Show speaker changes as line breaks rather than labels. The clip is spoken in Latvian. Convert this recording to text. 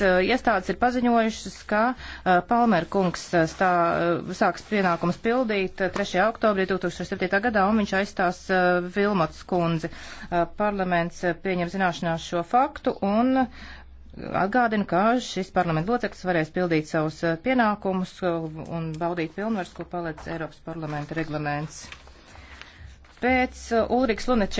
Uh, iestādes ir paziņojušas, ka uh, Palmer kungs uh, stā, sāks pienākums pildīt 3. oktobrī 2007. gadā un viņš aizstās Vilmots kundzi. Parlaments pieņem zināšanās šo faktu un atgādinu, ka šis parlamenta loceklis varēs pildīt savus pienākumus un baudīt pilnvars, ko paredz Eiropas parlamenta reglaments. Pēc Ulriks Luneče